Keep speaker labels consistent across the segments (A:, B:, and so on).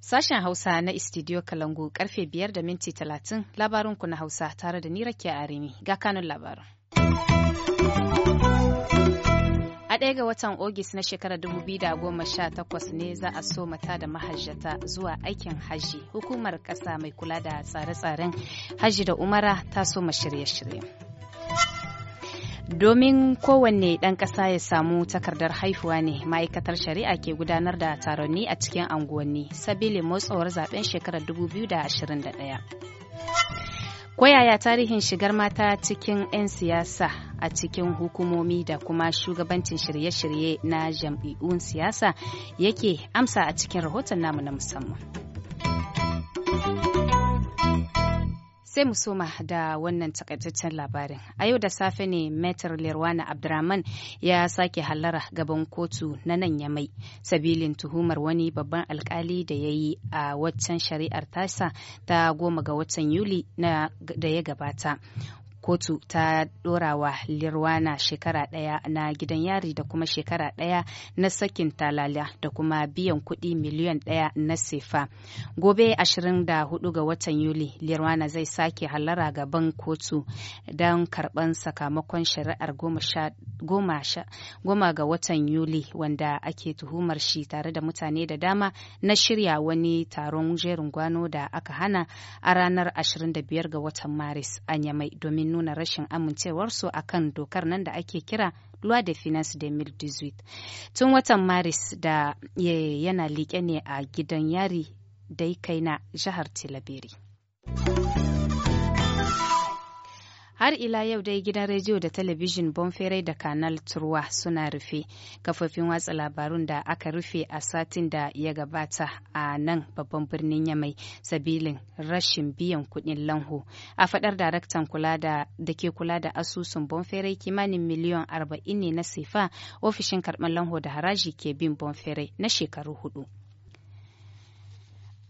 A: Sashen Hausa na Istidiyo Kalangu karfe biyar da minti talatin labarunku na Hausa tare da ni a Arimi ga kanun labarin. ɗaya ga watan Ogis na shekarar 2018 ne za a so mata da mahajjata zuwa aikin hajji. Hukumar ƙasa mai kula da tsare-tsaren hajji da umara ta so shirye-shirye. Domin kowanne ɗan ƙasa ya samu takardar haihuwa ne ma'aikatar shari'a ke gudanar da taronni a cikin anguwanni sabili motsawar zaben shekarar 2021. ko yaya tarihin shigar mata cikin 'yan siyasa a cikin hukumomi da kuma shugabancin shirye-shirye na jam'iyyun siyasa yake amsa a cikin rahoton namu na musamman. Sai mu soma da wannan takaitaccen labarin. A yau da safe ne Metar Lerwana Abdurrahman ya sake hallara gaban kotu na nan ya mai sabilin tuhumar wani babban alkali da ya yi a waccan shari'ar tasa ta goma ga watan Yuli da ya gabata. kotu ta dorawa lirwana shekara ɗaya na gidan yari da kuma shekara ɗaya na sakin talala da kuma biyan kuɗi miliyan ɗaya na sefa gobe 24 ga watan yuli lirwana zai sake halara gaban kotu don karɓan sakamakon shari'ar goma ga watan yuli wanda ake tuhumar shi tare da mutane da dama na shirya wani taron jerin gwano da aka hana a ranar 25 ga watan maris a yamai domin nuna rashin amincewarsu a kan dokar nan da ake kira loi de finance 2018 tun watan maris da yana liƙe ne a gidan yari dai kai na jihar tilabiri. har ila yau dai gidan rediyo da talabijin bonferai da kanal turwa suna rufe kafofin watsa labarun da aka rufe a satin da ya gabata a nan babban birnin yamai sabilin rashin biyan kuɗin lanho a faɗar daraktan da ke kula da asusun bonferai kimanin miliyon arba'in ne na sifa ofishin karɓar lanho da haraji ke bin bonferai na shekaru hudu.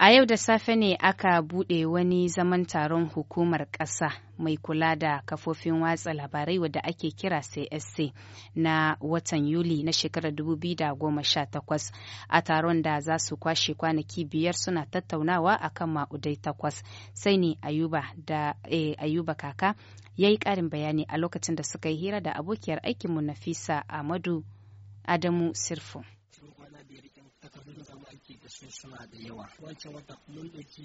A: A yau da safe ne aka buɗe wani zaman taron hukumar ƙasa mai kula da kafofin watsa labarai wadda ake kira CSC na watan Yuli na shekarar 2018 a taron da za su kwashe kwanaki biyar suna tattaunawa akan ma'udai takwas sai ne Ayuba eh, Ayuba kaka ya yi ƙarin bayani a lokacin da suka yi hira da abokiyar aikinmu Nafisa ahmadu Adamu Sirfu.
B: kasashe suna da yawa wacce wata mun ɗauki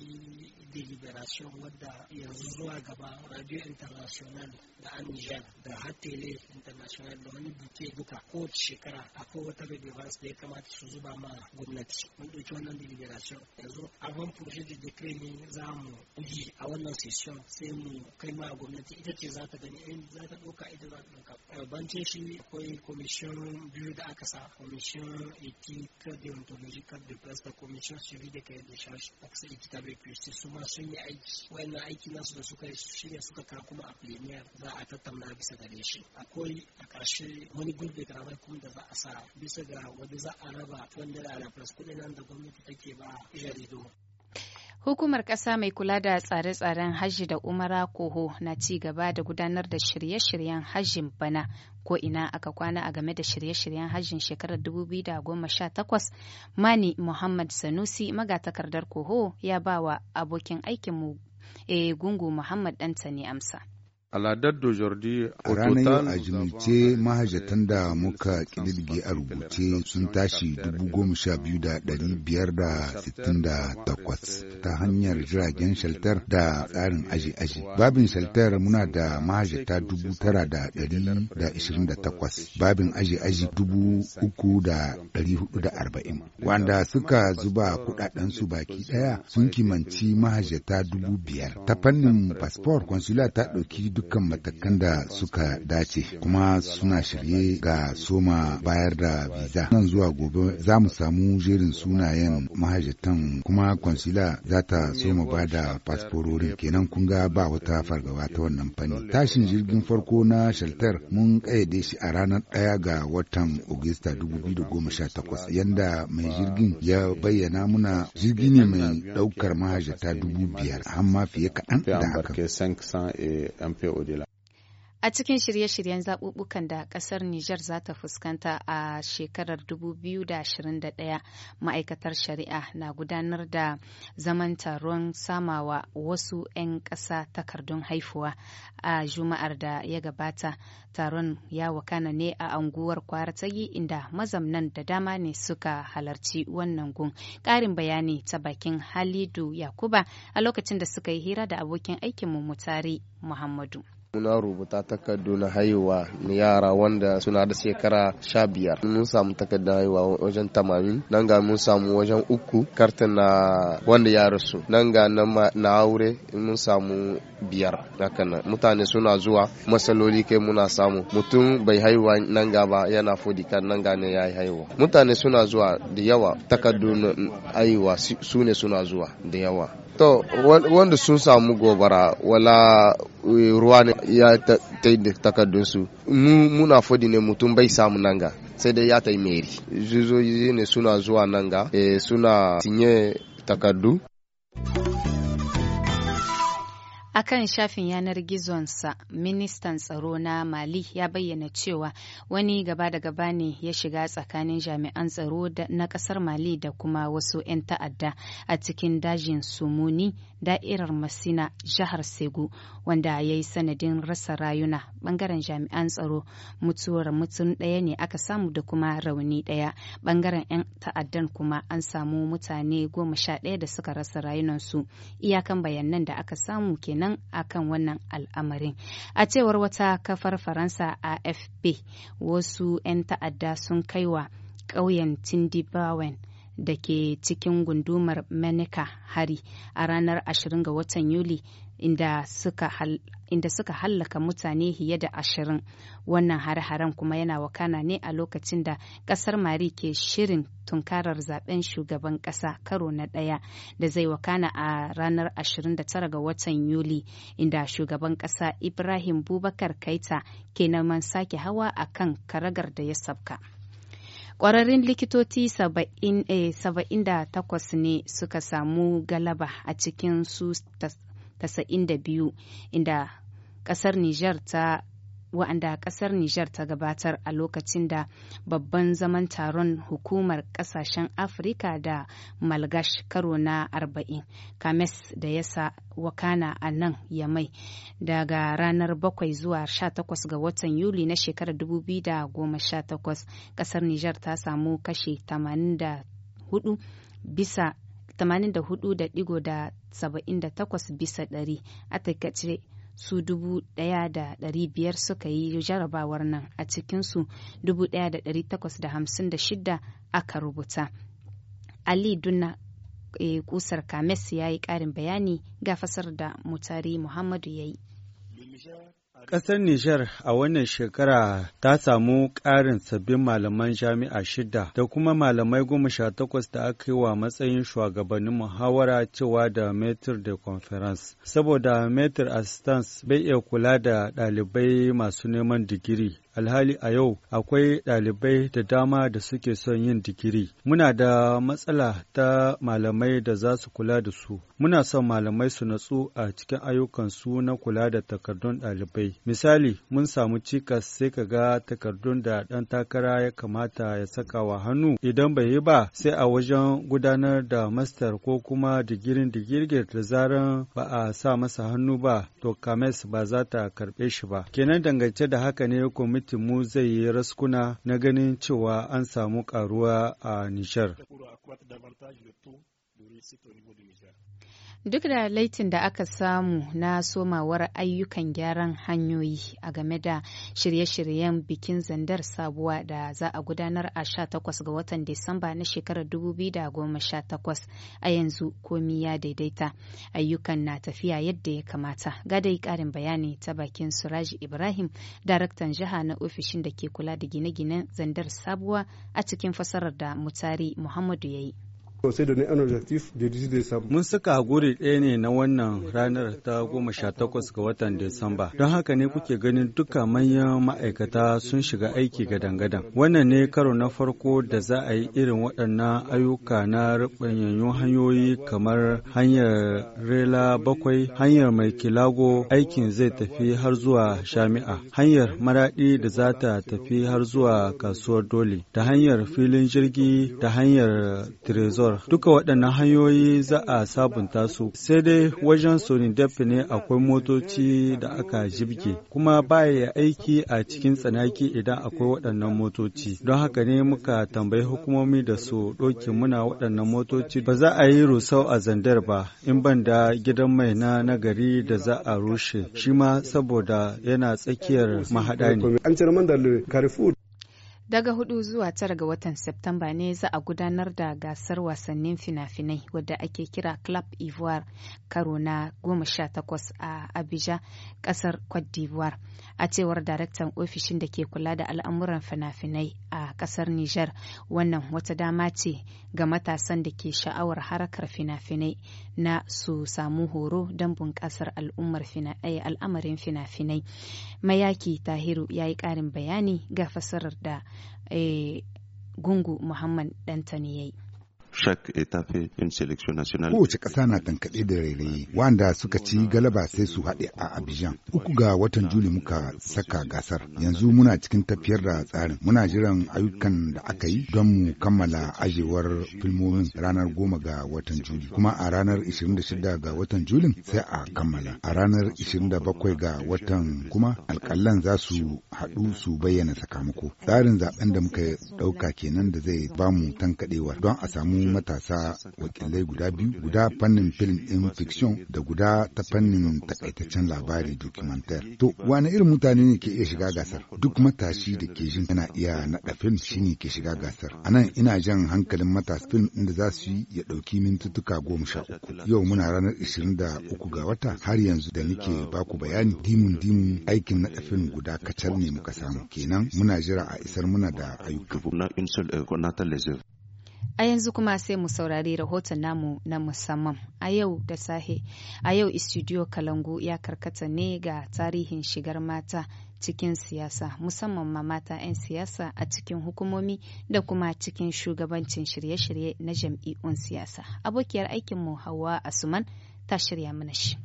C: deliberation wadda yanzu zuwa gaba radio international da anijan da hatele international da wani buke duka kowace shekara akwai wata relevance da ya kamata su zuba ma gwamnati mun ɗauki wannan deliberation yanzu avant projet de decree ne za mu yi a wannan session sai mu kai ma gwamnati ita ce za ta gani in za ta ɗauka ita za ta ɗauka eh, bance shi akwai commission biyu da aka sa commission ethique deontological de presse komishin su da kai da shashi a kusa ikita bai kristi su ma sun yi aiki na aiki nasu da suka yi shi suka kawo kuma a premier za a tattauna bisa gare shi akwai a ƙarshe wani gurbe karamar kuma da za a sa bisa ga wanda za a raba wanda da alamfas kuɗi nan da gwamnati take ba jaridu
A: Hukumar ƙasa mai kula da tsare-tsaren hajji da umara koho na ci gaba da gudanar da shirye-shiryen hajjin bana ko ina aka kwana a game da shirye-shiryen hajjin shekarar 2018 mani muhammad sanusi magatakardar koho ya ba wa abokin aikinmu e gungu muhammad Dantani amsa.
B: A ranar
D: a jimilce mahajatan da muka ƙididdige a rubuce sun tashi takwas ta hanyar jiragen shaltar da tsarin aji-aji. Babin shaltar muna da mahajata takwas babin aji-aji arba'in Wanda suka zuba kudadensu baki daya sun kimanci mahajata biyar Ta fannin fasfor, kwansula ta ɗauki duk dukkan matakan da suka dace kuma suna shirye ga soma bayar da visa. Nan zuwa gobe za mu samu jerin sunayen mahajjatan kuma kwansila za ta soma ba da fasfororin kenan kun ga ba wata fargaba ta wannan fanni. Tashin jirgin farko na shaltar mun kayyade shi a ranar ɗaya ga watan Ogista 2018 yanda mai jirgin ya bayyana muna jirgi ne mai ɗaukar mahajjata dubu biyar amma fiye kaɗan da haka. odierna.
A: A cikin shirye-shiryen zaɓuɓɓukan da ƙasar Nijar za ta fuskanta a shekarar 2021 ma'aikatar shari'a na gudanar da zaman taron samawa wasu 'yan ƙasa takardun haifuwa a juma'ar da ya gabata. Taron ya wakana ne a anguwar kwaratagi inda mazamnan da dama ne suka halarci wannan gun. Ƙarin bayani ta bakin Halidu Yakuba a lokacin da suka yi hira da abokin aikinmu Mutari Muhammadu.
D: Muna rubuta takardu na haihuwa na yara wanda suna da shekara sha biyar. Mun samu takardar haihuwa wajen tamanin nan ga mun samu wajen uku karta na wanda ya rasu. Nan ga na aure mun samu biyar hakanan. Mutane suna zuwa matsaloli kai muna samu. Mutum bai haihuwa nan ga ba yana fodi kan nan ga ne ya haihuwa. Mutane suna zuwa da yawa takardu haihuwa su ne suna zuwa da yawa. to wanda sun samu gobara wala e, ruwa ne ya ta yi takardunsu mu muna fadi ne mutum bai samu nanga sai dai ya ta yi meri yi ne suna zuwa nanga. ga e, suna sinye takardu
A: A kan shafin yanar gizonsa, ministan tsaro na Mali ya bayyana cewa wani gaba da gaba ne ya shiga tsakanin jami'an tsaro na ƙasar Mali da kuma wasu 'yan ta'adda a cikin dajin Sumuni, da'irar Masina, jihar Segu, wanda ya yi sanadin rasa rayuna bangaren jami'an tsaro mutuwar mutum ɗaya ne aka samu da kuma rauni ɗaya bangaren 'yan ta'addan kuma an samu mutane goma sha ɗaya da suka rasa rayunansu iyakan bayanan da aka samu kenan kenan akan wannan al'amarin a cewar wata kafar faransa afp wasu 'yan ta'adda sun kaiwa ƙauyen tindibawen da ke cikin gundumar Menika hari a ranar 20 ga watan Yuli inda suka hal, hallaka mutane fiye da ashirin wannan har haren kuma yana wakana ne a lokacin da kasar mari ke shirin tunkarar zaben shugaban kasa karo na ɗaya da zai wakana a ranar 29 ga watan yuli inda shugaban kasa ibrahim bubakar kaita ke neman sake hawa akan karagar da ya sabka. Ƙwararrun likitoci saba'in eh, ne suka samu galaba a cikin su 92 inda kasar Nijar ta wa'anda ƙasar Nijar ta gabatar a lokacin da babban zaman taron hukumar ƙasashen Afirka da Malgash karo na 40 Kames da ya sa wakana a nan ya mai daga ranar 7 zuwa 18 ga watan Yuli na shekarar 2018 ƙasar Nijar ta samu kashe 84 bisa 84.78 bisa 100 a takaice su dubu ɗaya da ɗari biyar suka yi jarabawar nan a cikinsu dubu ɗaya da takwas da hamsin da shida aka rubuta ali dunna e, kusar kames ya yi ƙarin bayani ga fasar da mutari muhammadu ya yi
B: Ƙasar Nijar a wannan shekara ta samu ƙarin sabbin malaman jami'a shida da kuma malamai goma sha takwas da aka yi wa matsayin shugabannin muhawara cewa da Metir de Conference. Saboda Metir Assistance bai iya kula da ɗalibai masu neman digiri alhali a yau akwai ɗalibai da dama da suke son yin digiri. Muna da matsala ta malamai da za su kula da su. Muna son malamai su natsu a cikin ayyukansu na kula da takardun ɗalibai. Misali, mun samu cikas sai ka ga takardun da ɗan takara ya kamata ya saka wa hannu idan bai yi ba sai a wajen gudanar da mastar ko kuma digirin digirgir da zaran ba a sa masa hannu ba to kames ba za ta karɓe shi ba. Kenan dangance da haka ne kwamitin mu zai yi raskuna na ganin cewa an samu karuwa
A: a Nishar. Duk da laitin da aka samu na somawar ayyukan gyaran hanyoyi a game da shirye-shiryen bikin zandar sabuwa da za a gudanar a 18 ga watan Disamba na shekarar 2018 a yanzu komi ya daidaita ayyukan na tafiya yadda ya kamata. Gadai karin bayani ta bakin Suraji Ibrahim, daraktan jiha na ofishin da ke kula da gine-ginen zandar sabuwa a cikin fasarar da Mutari Muhammadu ya yi.
B: Mun saka guri ɗaya ne na wannan ranar ta goma sha takwas ga watan Disamba. Don haka ne kuke ganin duka manyan ma'aikata sun shiga aiki gadan-gadan. Wannan ne karo na farko da za a yi irin waɗannan ayyuka na ruɓanyayyun hanyoyi kamar hanyar rela bakwai, hanyar mai kilago aikin zai tafi har zuwa shami'a, hanyar maraɗi da za ta tafi har zuwa kasuwar dole, da hanyar filin jirgi da hanyar trezor duka waɗannan hanyoyi za a sabunta su sai dai wajen dafi ne akwai motoci da aka jibge kuma baya aiki a cikin tsanaki idan akwai waɗannan motoci don haka ne muka tambayi hukumomi da su ɗauki muna waɗannan motoci ba za a yi rusau a zandar ba in ban da gidan mai na nagari da za a rushe shi ma saboda yana tsakiyar mahaɗa ne
A: Daga hudu zuwa tara ga watan Septamba ne za a gudanar da gasar wasannin fina-finai wadda ake kira Club Ivoire karo na goma sha takwas a Abuja, kasar Cote d'Ivoire. A cewar daraktan ofishin da ke kula da al'amuran fina-finai a kasar Nijar, wannan wata dama ce ga matasan da ke sha'awar harkar fina-finai na su samu horo don bunƙasar eh, al'amarin fina-finai. Mayaki Tahiru ya yi ƙarin bayani ga fasarar da eh gungu muhammad dantani ya yi shak eh, tafi fait selection national.
D: Kowace ƙasa na tankaɗe da rairayi. wanda suka ci galaba sai su haɗe a Abidjan. Uku ga watan Juli muka saka gasar. Yanzu muna cikin tafiyar da tsarin. Muna jiran ayyukan da aka yi don mu kammala ajewar filmomin ranar goma ga watan Juli. Kuma a ranar 26 ga watan Julin sai a kammala. A ranar 27 ga watan kuma alƙalan za su haɗu su bayyana sakamako. Tsarin zaben da muka ɗauka kenan da zai bamu tankaɗewa don a samu matasa wakilai guda biyu guda fannin film in fiction da guda ta fannin takaitaccen labari documentaire to wani irin mutane ne ke iya shiga gasar duk matashi da ke jin yana iya naɗa film shine ke shiga gasar anan ina jan hankalin matasa film inda za su yi ya ɗauki mintuttuka goma sha uku yau muna ranar ishirin da uku ga wata har yanzu da nake baku bayani dimun dimun aikin naɗa film guda kacal ne muka samu kenan muna jira a isar muna da ayyukan
A: A yanzu kuma sai mu saurari rahoton namu na musamman. A yau da sahe, a yau Studio Kalangu ya karkata ne ga tarihin shigar mata cikin siyasa, musamman ma mata 'yan siyasa a cikin hukumomi da kuma cikin shugabancin shirye-shirye na jam'i'un siyasa. Abokiyar aikinmu Hauwa Asuman ta shirya mana shi.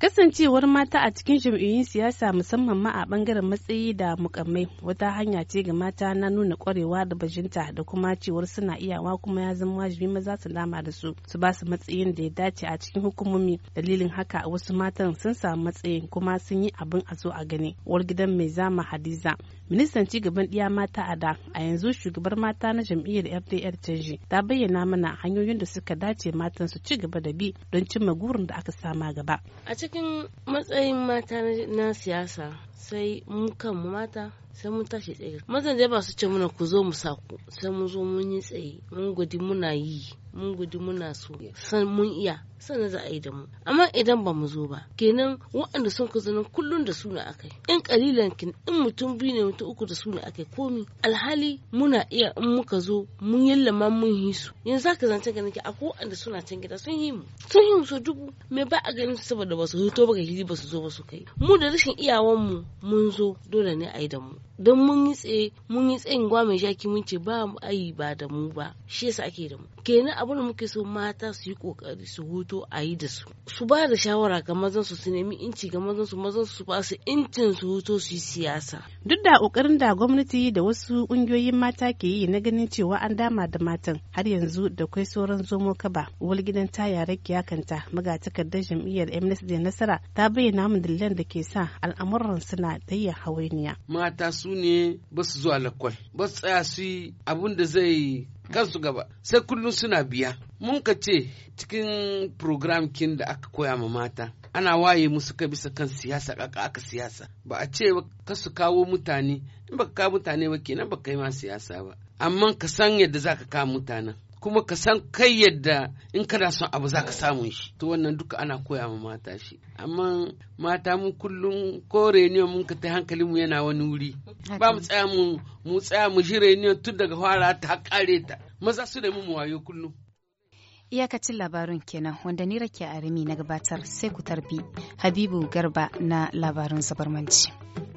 A: Kasancewar mata a cikin jam'iyyun siyasa musamman ma a bangaren matsayi
C: da mukammai wata hanya ce ga mata na nuna kwarewa da bajinta da kuma cewar suna iyawa kuma ya zama wajibi maza su dama da su su basu matsayin da ya dace a cikin hukumomi dalilin haka wasu matan sun samu matsayin kuma sun yi abin a zo a gani uwar gidan mai zama hadiza ministan cigaban ɗiya mata a da a yanzu shugabar mata na jam'iyyar fdr canji ta bayyana mana hanyoyin da suka dace matan su ci gaba da bi don cimma gurin da aka sama gaba a cikin matsayin mata na siyasa sai mu mata sai mun tashi tsaye mazan dai ba su ce muna ku zo mu saku sai mun zo mun yi tsaye mun gudi muna yi mun gudi muna so san mun iya sannan za a yi da mu amma idan ba mu zo ba kenan waɗanda sun ku zanen kullum da su ne akai in kalilan kin in mutum biyu ne mutum uku da su ne akai komi alhali muna iya in muka zo mun yallama mun yi su yanzu ka zance ganin ki akwai waɗanda suna can gida sun yi mu sun yi mu dubu me ba a ganin su saboda ba su hito ba ga hiri ba su zo ba su kai mu da rashin iyawan mu mun zo dole ne a yi da mu don mun yi tsaye mun yi tsayin gwa mai shaki mun ce ba mu ayi ba da mu ba shi yasa ake da mu kenan abin da muke so mata su yi kokari su hoto a yi da su su ba da shawara ga mazan su su nemi inci ga mazan su mazan su ba su incin su hoto su yi siyasa duk da kokarin da gwamnati da wasu kungiyoyin mata ke yi na ganin cewa an dama da matan har yanzu da kwai sauran zomo kaba uwar gidan ta yare muga magatakardar jam'iyyar da nasara ta bayyana mun dalilan da ke sa al'amuran suna da hawainiya mata su ne ba su zuwa lakwal ba su tsaya su yi abin da zai kansu gaba sai kullum suna biya mun ka ce cikin program kin da aka koya ma mata ana waye musu ka bisa kan siyasa kaka aka siyasa ba a ce ka su kawo mutane in baka kawo mutane ba kenan baka yi ma siyasa ba amma ka san yadda zaka kawo mutanen kuma ka san kai yadda in kana son abu za ka samu shi to wannan duka ana koya ma mata shi amma mata mu kullum ko reniyon mun ka ta hankalin mu yana wani wuri ba mu tsaya mu mu tsaya mu ji reniyon tun daga fara ta kare ta maza su da mu wayo kullum
A: Iyakacin labarin kenan wanda ni rake arimi na gabatar sai ku tarbi Habibu Garba na labarin zabarmanci.